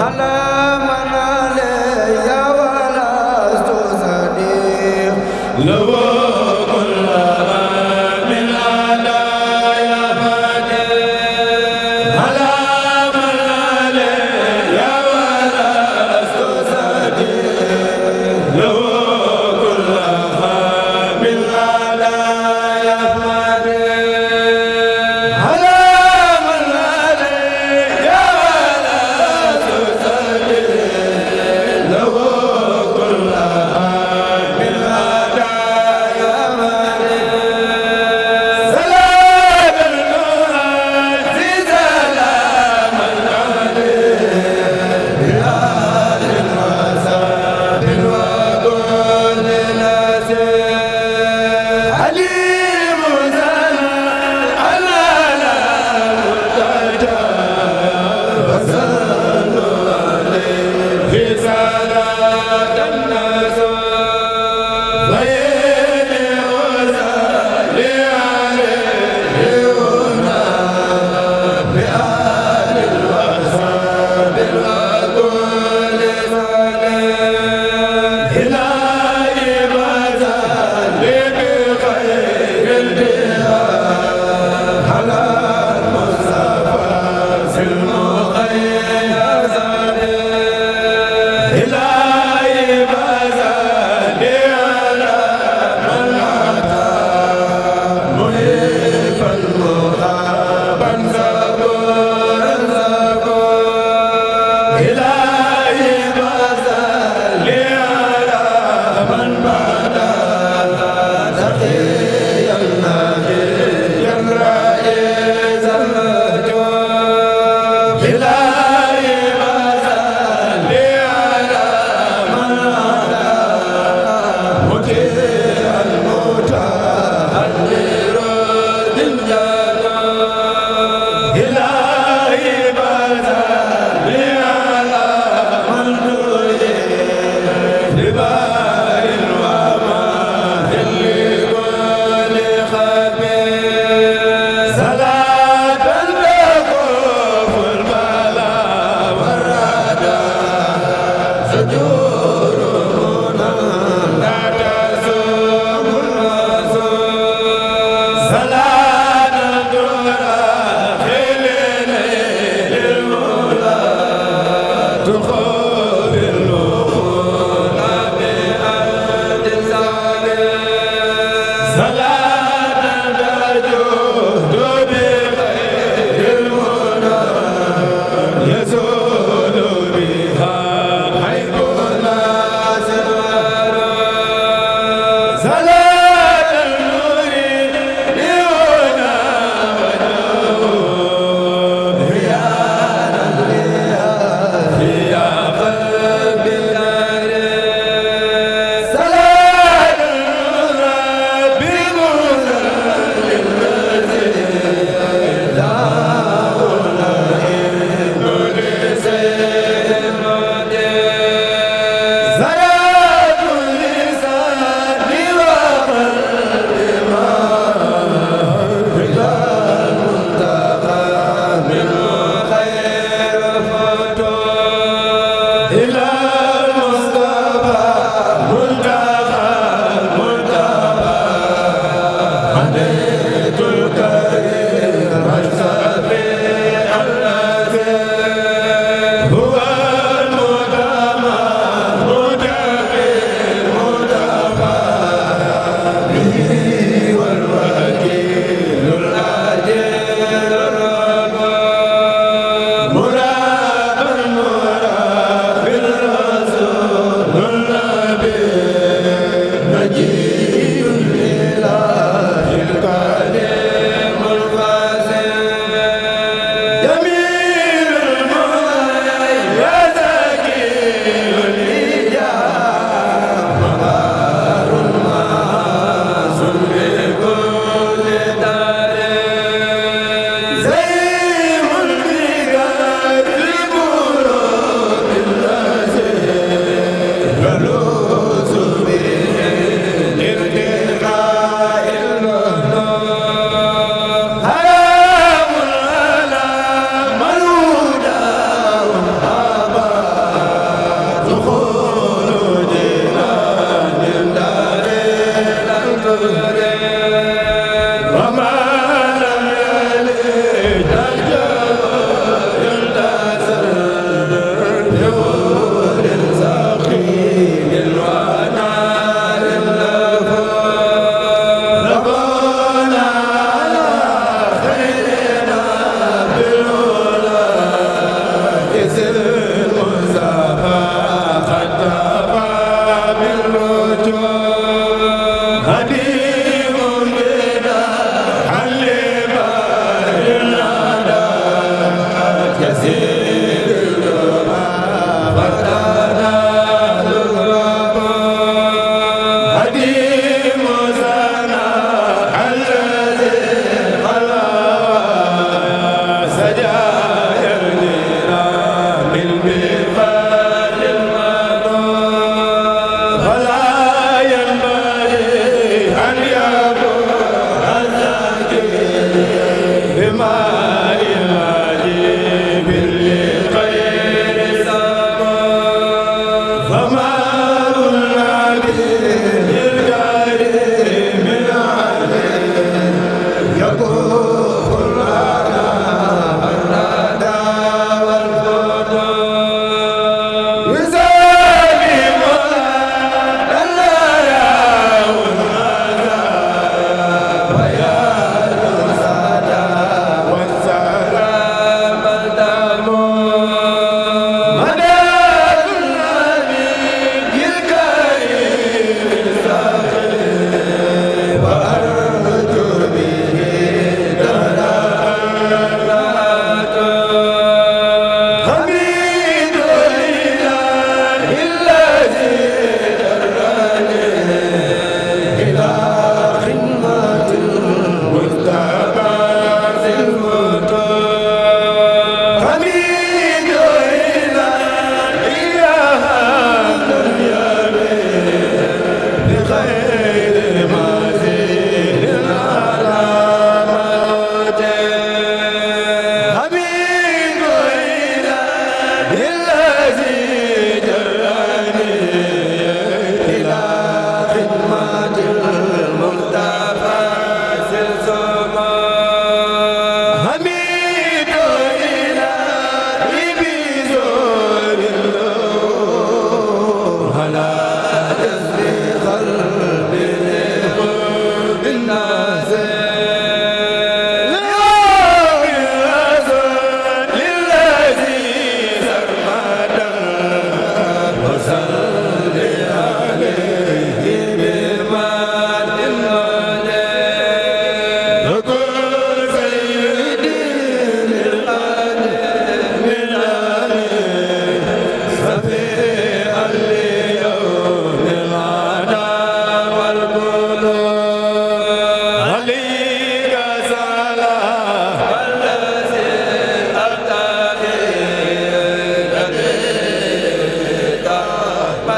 la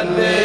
Amen